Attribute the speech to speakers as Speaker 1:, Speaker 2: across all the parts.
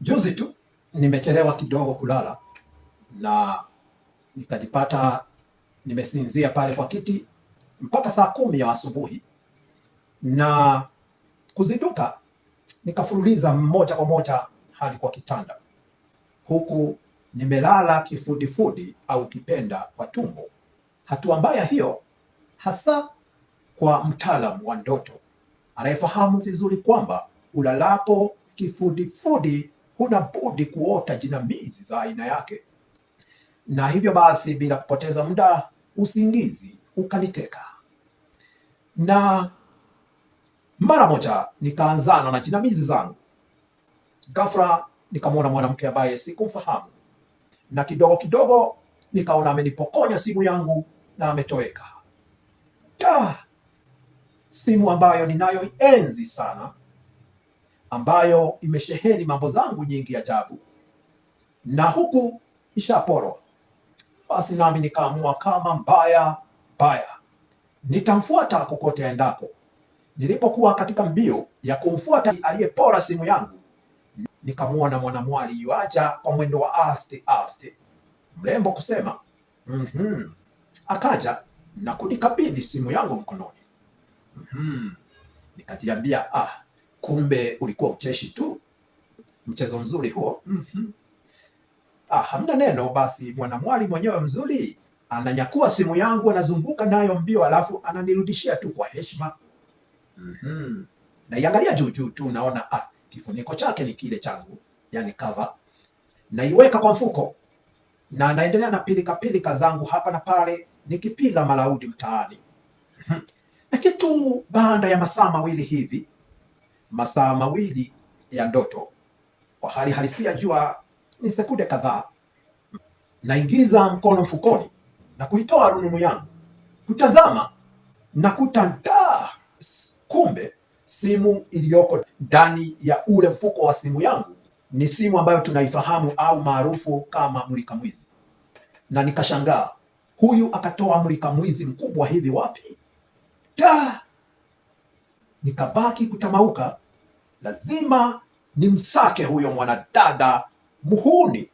Speaker 1: Juzi tu nimechelewa kidogo kulala na nikajipata nimesinzia pale kwa kiti mpaka saa kumi ya asubuhi, na kuziduka nikafululiza moja kwa moja hadi kwa kitanda, huku nimelala kifudifudi au kipenda kwa tumbo. Hatua mbaya hiyo, hasa kwa mtaalamu wa ndoto anayefahamu vizuri kwamba ulalapo kifudifudi huna budi kuota jinamizi za aina yake. Na hivyo basi, bila kupoteza muda, usingizi ukaniteka na mara moja nikaanzana na jinamizi zangu. Ghafla nikamwona mwanamke ambaye sikumfahamu, na kidogo kidogo nikaona amenipokonya simu yangu na ametoweka. Ta, simu ambayo ninayoienzi sana ambayo imesheheni mambo zangu nyingi ajabu, na huku ishaporwa. Basi nami nikaamua kama mbaya mbaya nitamfuata kokote aendako. Nilipokuwa katika mbio ya kumfuata aliyepora simu yangu, nikamwona mwanamwali yuaja kwa mwendo wa asti asti, mrembo kusema mm -hmm. Akaja na kunikabidhi simu yangu mkononi. mm -hmm. Nikajiambia ah kumbe ulikuwa ucheshi tu. Mchezo mzuri huo. mm -hmm. Ah, hamna neno. Basi bwana Mwali mwenyewe mzuri ananyakua simu yangu anazunguka nayo mbio, alafu ananirudishia tu kwa heshima. mm -hmm. Naiangalia juu juu tu naona, ah, kifuniko chake ni kile changu, yani cover. Naiweka kwa mfuko na naendelea na pilika pilika zangu hapa na pale, nikipiga malaudi mtaani na mhm. kitu. Baada ya masaa mawili hivi masaa mawili ya ndoto, kwa hali halisia jua ni sekunde kadhaa. Naingiza mkono mfukoni na kuitoa rununu yangu kutazama, na kutandaa Kumbe simu iliyoko ndani ya ule mfuko wa simu yangu ni simu ambayo tunaifahamu au maarufu kama mlika mwizi, na nikashangaa, huyu akatoa mlika mwizi mkubwa hivi wapi? nikabaki kutamauka, lazima nimsake huyo mwanadada muhuni.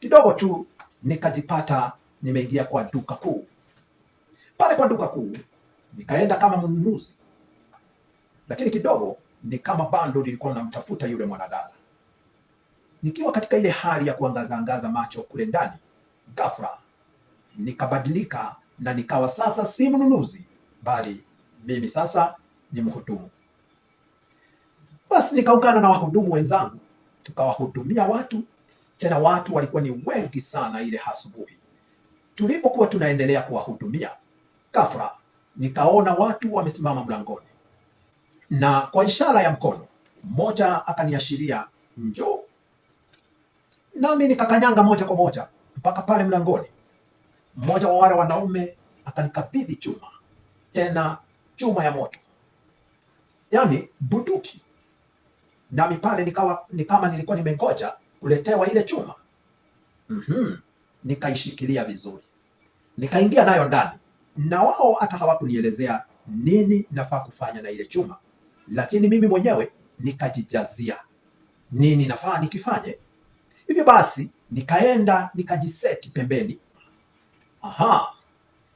Speaker 1: Kidogo tu nikajipata nimeingia kwa duka kuu. Pale kwa duka kuu nikaenda kama mnunuzi, lakini kidogo ni kama bando lilikuwa namtafuta yule mwanadada. Nikiwa katika ile hali ya kuangazaangaza macho kule ndani, ghafla nikabadilika na nikawa sasa si mnunuzi, bali mimi sasa ni mhudumu. Basi nikaungana na wahudumu wenzangu tukawahudumia watu, tena watu walikuwa ni wengi sana ile asubuhi. Tulipokuwa tunaendelea kuwahudumia, ghafla nikaona watu wamesimama mlangoni, na kwa ishara ya mkono mmoja akaniashiria njoo, nami nikakanyanga moja kwa moja mpaka pale mlangoni. Mmoja wa wale wanaume akanikabidhi chuma, tena chuma ya moto, yaani bunduki. Nami pale nikawa ni kama nilikuwa nimengoja kuletewa ile chuma mm -hmm. Nikaishikilia vizuri, nikaingia nayo ndani, na wao hata hawakunielezea nini nafaa kufanya na ile chuma, lakini mimi mwenyewe nikajijazia nini nafaa nikifanye. Hivyo basi nikaenda nikajiseti pembeni. Aha,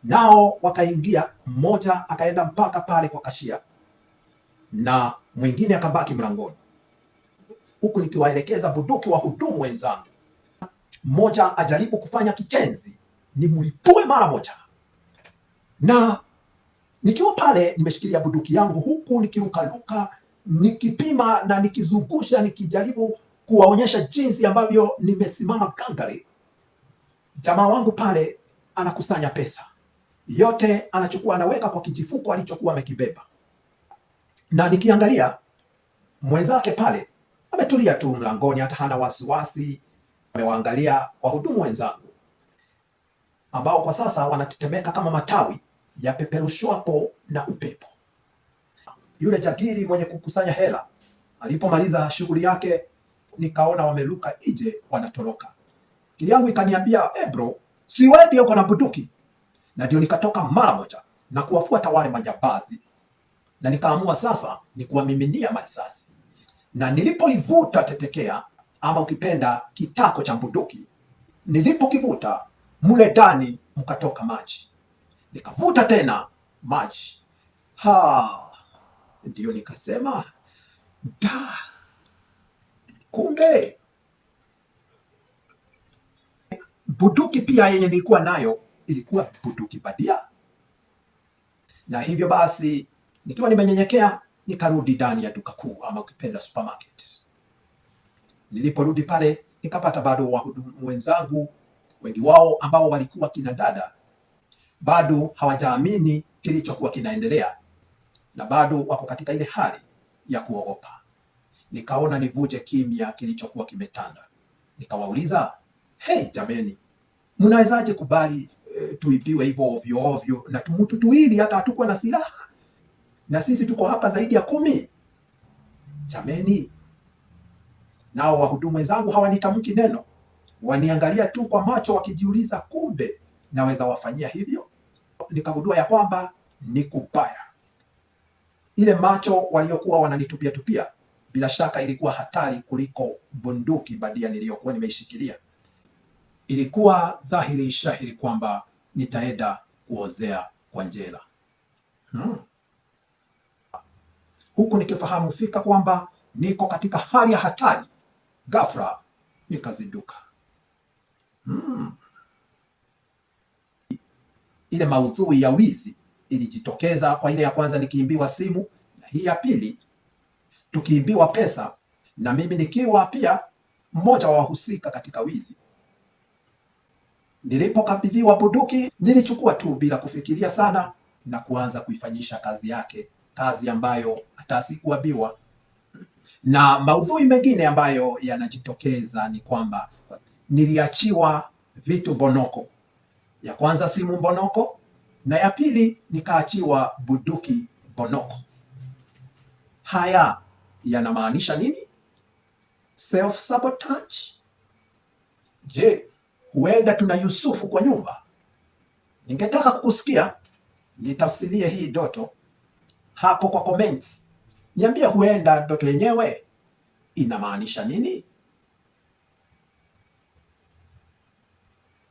Speaker 1: nao wakaingia, mmoja akaenda mpaka pale kwa kashia na mwingine akabaki mlangoni, huku nikiwaelekeza bunduki wahudumu wenzangu, mmoja ajaribu kufanya kichenzi nimlipue mara moja. Na nikiwa pale nimeshikilia bunduki yangu huku nikirukaruka, nikipima na nikizungusha, nikijaribu kuwaonyesha jinsi ambavyo nimesimama kangari. Jamaa wangu pale anakusanya pesa yote anachukua anaweka kwa kijifuko alichokuwa amekibeba. Na nikiangalia mwenzake pale ametulia tu mlangoni, hata hana wasiwasi. Amewaangalia wahudumu wenzangu ambao kwa sasa wanatetemeka kama matawi yapeperushwapo na upepo. Yule jagiri mwenye kukusanya hela alipomaliza shughuli yake, nikaona wameruka ije wanatoroka. kiliangu yangu ikaniambia, eh bro, si wewe ndio uko na bunduki? na ndio nikatoka mara moja na kuwafuata wale majambazi, na nikaamua sasa ni kuwamiminia marisasi, na nilipoivuta tetekea ama ukipenda kitako cha bunduki, nilipokivuta mule ndani mkatoka maji, nikavuta tena maji. Ha, ndiyo nikasema da, kumbe bunduki pia yenye nilikuwa nayo ilikuwa Budukibadia. Na hivyo basi, nikiwa nimenyenyekea, nikarudi ndani ya duka kuu ama ukipenda supermarket. Niliporudi pale, nikapata bado wahudumu wenzangu wengi wao ambao walikuwa kina dada bado hawajaamini kilichokuwa kinaendelea na bado wako katika ile hali ya kuogopa. Nikaona nivuje kimya kilichokuwa kimetanda, nikawauliza hey, jameni, mnawezaje kubali tuipiwe eh, tuibiwe hivyo ovyo ovyo, na mtu tuwili, hata hatukuwa na silaha, na sisi tuko hapa zaidi ya kumi. Chameni nao wahudumu wenzangu hawanitamki neno, waniangalia tu kwa macho, wakijiuliza kumbe naweza wafanyia hivyo. Nikagundua ya kwamba ni kubaya. Ile macho waliokuwa wananitupia tupia, bila shaka ilikuwa hatari kuliko bunduki badia niliyokuwa nimeishikilia. Ilikuwa dhahiri shahiri kwamba nitaenda kuozea kwa njela hmm. Huku nikifahamu fika kwamba niko katika hali ya hatari, ghafla nikazinduka hmm. Ile maudhui ya wizi ilijitokeza kwa ile ya kwanza nikiimbiwa simu na hii ya pili tukiimbiwa pesa na mimi nikiwa pia mmoja wa wahusika katika wizi. Nilipokabidhiwa bunduki nilichukua tu bila kufikiria sana na kuanza kuifanyisha kazi yake, kazi ambayo hata sikuambiwa. Na maudhui mengine ambayo yanajitokeza ni kwamba niliachiwa vitu mbonoko. Ya kwanza simu mbonoko, na ya pili nikaachiwa bunduki mbonoko. Haya yanamaanisha nini? Self sabotage? Je, huenda tuna Yusufu kwa nyumba. Ningetaka kukusikia nitafsirie hii ndoto hapo kwa comments. Niambie huenda ndoto yenyewe inamaanisha nini?